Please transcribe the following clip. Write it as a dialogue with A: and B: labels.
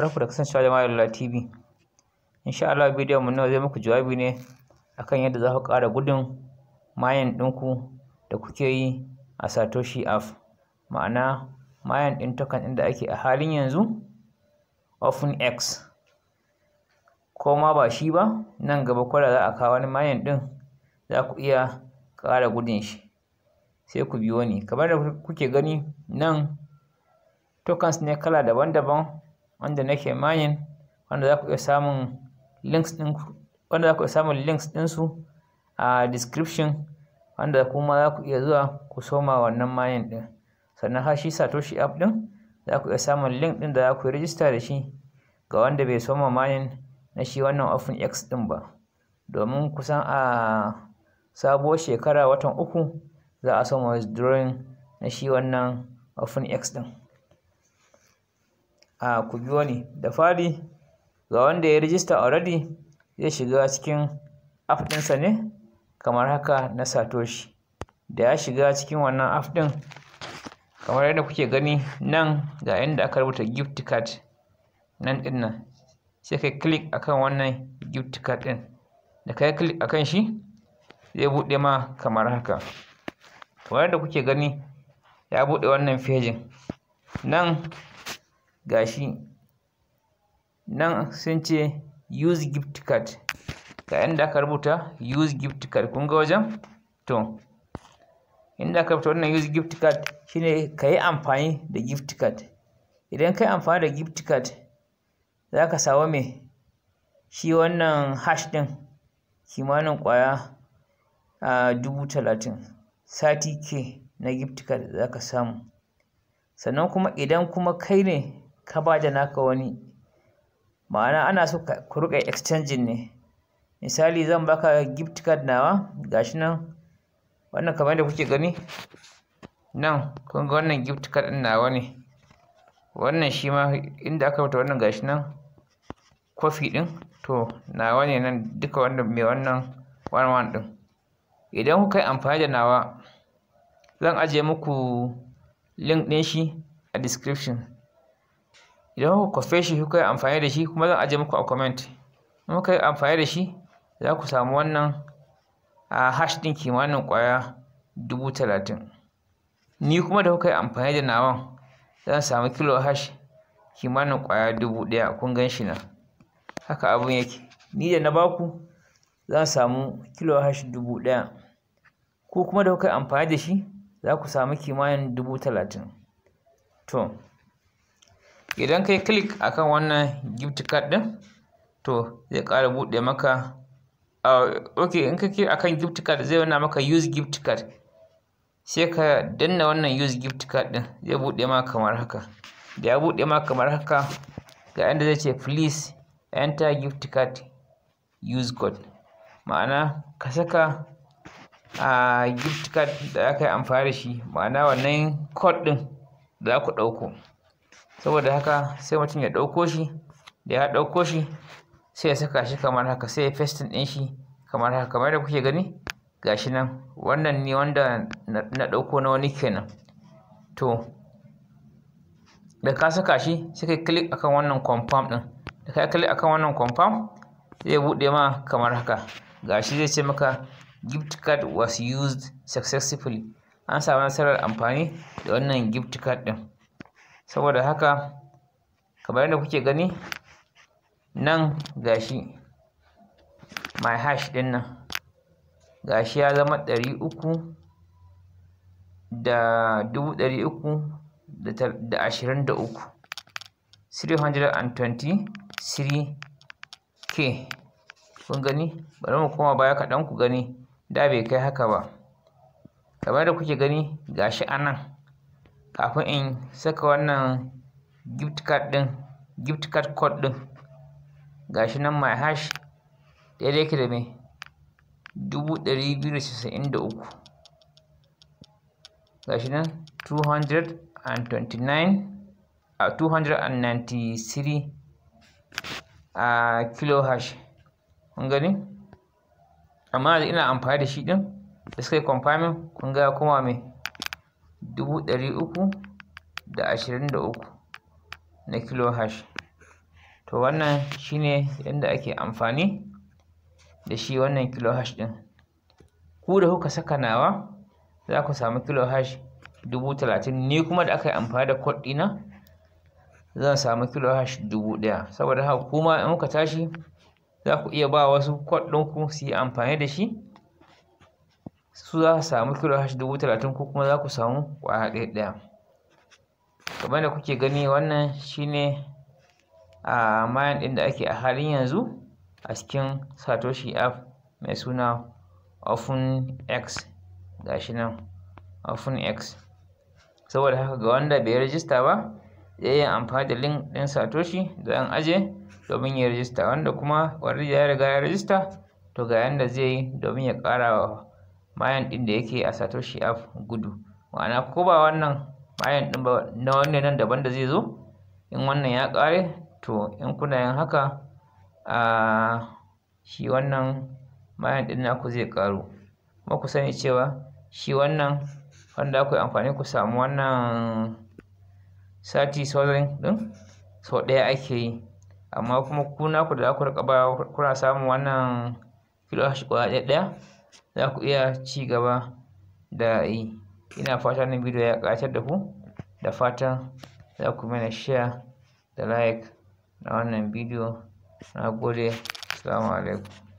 A: barkanku da kasancewa jama'a da TV insha Allah bidiyon mu na zai muku jawabi ne akan yadda za ku kara gudun mayan ɗinku da kuke yi a Satoshi app ma'ana mayan ɗin token ɗin da ake a halin yanzu often X ko ma ba shi ba nan gaba kwara za a kawo wani mayan ɗin za ku iya kara gudun shi sai ku biyo ni kamar da kuke gani nan tokens ne kala daban-daban wanda nake mining wanda za ku iya samun links ɗin wanda za ku iya samun links ɗinsu a description wanda kuma za ku iya zuwa ku soma wannan mayin ɗin sannan har shi satoshi app ɗin za ku iya samun link ɗin da za ku rijista da shi ga wanda bai soma mayin na shi wannan x ɗin ba domin kusan a sabuwar shekara watan uku za a soma withdrawing na shi wannan x ɗin a ku biyo ni da fari ga wanda ya rijista already zai shiga cikin app ɗinsa ne kamar haka na satoshi da ya shiga cikin wannan app kamar yadda kuke gani nan ga inda aka rubuta gift card nan ɗin nan sai kai click akan wannan gift card ɗin da kai click akan shi zai buɗe ma kamar haka kamar yadda kuke gani ya buɗe wannan fejin nan gashi nan sun ce use gift card ga inda aka rubuta use gift card kun ga wajen to inda aka rubuta wannan use gift card shine ka yi amfani da gift card idan kai yi amfani da gift card za ka samu mai shi wannan hash din, kimanin kwaya a dubu talatin sati ke na gift card za ka samu sannan kuma idan kuma kai ne ka ba da naka wani ma'ana ana so ku riƙa exchanging ne misali zan baka gift card nawa gashi nan wannan kamar da kuke gani nan kun ga wannan gift card din nawa ne wannan shi ma inda aka fita wannan gashi nan kofi ɗin to nawa ne nan duka wannan mai wannan one one din idan kuka yi amfani da nawa zan ajiye muku link ɗin shi a description idan kuka kwafe shi kuka yi amfani da shi kuma zan aje muku a comment in kuka yi amfani da shi za ku samu wannan a hash ɗin kimanin ƙwaya dubu talatin ni kuma da kuka yi amfani da nawan zan samu kilo hash kimanin kwaya dubu ɗaya kun gan shi na haka abun yake ni da na baku zan samu kilo hash dubu ɗaya ko kuma da kuka yi amfani da shi za ku samu kimanin dubu talatin to idan kai click akan wannan gift card ɗin to zai ƙara buɗe maka ok in ka click akan gift card zai nuna maka use gift card sai ka danna wannan use gift card ɗin zai buɗe ma kamar haka da ya buɗe ma kamar haka ga yadda zai ce please enter gift card use code ma'ana ka saka a gift card da aka yi amfani da shi ma'ana wannan code ɗin da za ku ɗauko saboda haka sai mutum ya ɗauko shi da ya ɗauko shi sai ya saka shi kamar haka sai ya festin ɗin shi kamar haka kamar da kuke gani ga shi nan wannan ne wanda na ɗauko na wani kenan to da ka saka shi sai kai klik akan wannan confirm ɗin da ka klik akan wannan confirm zai buɗe ma kamar haka Ga shi zai ce maka gift card was used successfully an samu nasarar amfani da wannan gift card ɗin saboda haka kamar yadda kuke gani nan gashi my hash din nan gashi ya zama ɗari uku da dubu ɗari uku da ashirin da uku 323k kun gani bari mu koma baya kaɗan ku gani da bai kai haka ba kamar yadda kuke gani gashi a nan kafin in saka wannan gift card ɗin gift card code ɗin gashi nan my hash daidai yake da me dubu ɗari biyu da casa'in da uku gashi nan two hundred and twenty 229 a three a kilo hash kun gani amma ina amfani da shi ɗin da suka yi confirming kun ga kuma me dubu ɗari uku da ashirin da uku na kilo hash to wannan shine yanda ake amfani da shi wannan kilo hash ɗin ku da kuka saka nawa za ku samu kilo hash dubu talatin ni kuma da aka yi amfani da kod ɗina zan samu kilo hash dubu ɗaya saboda haka kuma in kuka tashi za ku iya ba wasu kod ɗinku su yi amfani da shi su za su samu kilo hash dubu talatin ko kuma za ku samu kwaya ɗaya ɗaya kamar da kuke gani wannan shine a mayan ɗin da ake a halin yanzu a cikin satoshi app mai suna OpenX shi nan x saboda haka ga wanda bai rajista ba zai yi amfani da link ɗin satoshi da an aje domin ya rajista wanda kuma wanda ya riga ya rajista to ga yanda zai yi domin ya ƙara wa mayan ɗin da yake a satoshi app gudu ma'ana ko ba wannan mayan ɗin ba na wannan nan daban da zai zo in wannan ya ƙare to in kuna yin haka a shi wannan mayan ɗin naku zai ƙaru kuma ku sani cewa shi wannan wanda ku amfani ku samu wannan sati sauran ɗin sau ɗaya ake yi amma kuma ku naku da za ku riƙa ba kuna samun wannan kilo hash ɗaya za ku iya ci gaba da yi ina fata wannan bidiyo ya ƙayatar da ku da fatan za ku mana share da like na wannan bidiyo na gode assalamu alaikum